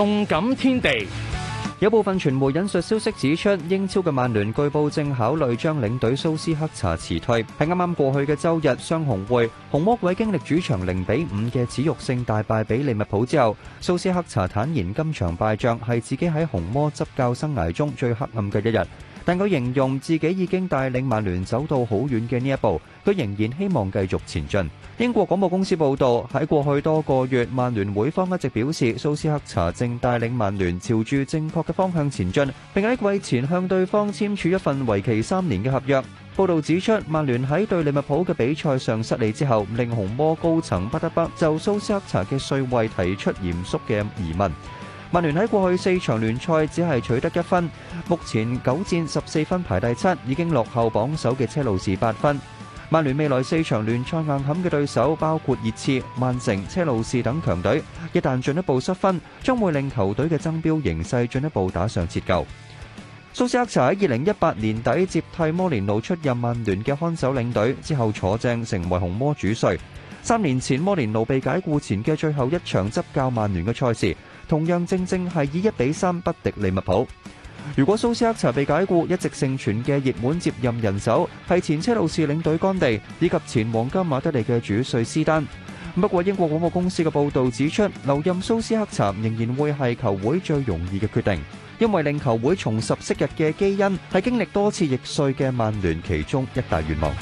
動感天地，有部分傳媒引述消息指出，英超嘅曼聯據報正考慮將領隊蘇斯克查辭退。喺啱啱過去嘅周日雙紅會，紅魔鬼經歷主場零比五嘅恥辱性大敗俾利物浦之後，蘇斯克查坦言今場敗仗係自己喺紅魔執教生涯中最黑暗嘅一日。但佢形容自己已經帶領曼聯走到好遠嘅呢一步，佢仍然希望繼續前進。英國廣播公司報道，喺過去多個月，曼聯會方一直表示蘇斯克查正帶領曼聯朝住正確嘅方向前進，並喺季前向對方簽署一份為期三年嘅合約。報道指出，曼聯喺對利物浦嘅比賽上失利之後，令紅魔高層不得不就蘇斯克查嘅帥位提出嚴肅嘅疑問。曼聯喺過去四場聯賽只係取得一分，目前九戰十四分排第七，已經落後榜首嘅車路士八分。曼聯未來四場聯賽硬撼嘅對手包括熱刺、曼城、車路士等強隊，一旦進一步失分，將會令球隊嘅爭標形勢進一步打上折舊。蘇斯克查喺二零一八年底接替摩連奴出任曼聯嘅看守領隊，之後坐正成為紅魔主帥。三年前摩連奴被解僱前嘅最後一場執教曼聯嘅賽事，同樣正正是以一比三不敵利物浦。如果蘇斯克查被解雇，一直盛傳的熱門接任人手是前車路士領隊甘地以及前皇家馬德里的主帥斯丹。不過英國廣播公司的報道指出，留任蘇斯克查仍然會是球會最容易的決定，因為令球會重拾昔日的基因是經歷多次易帥的曼聯其中一大願望。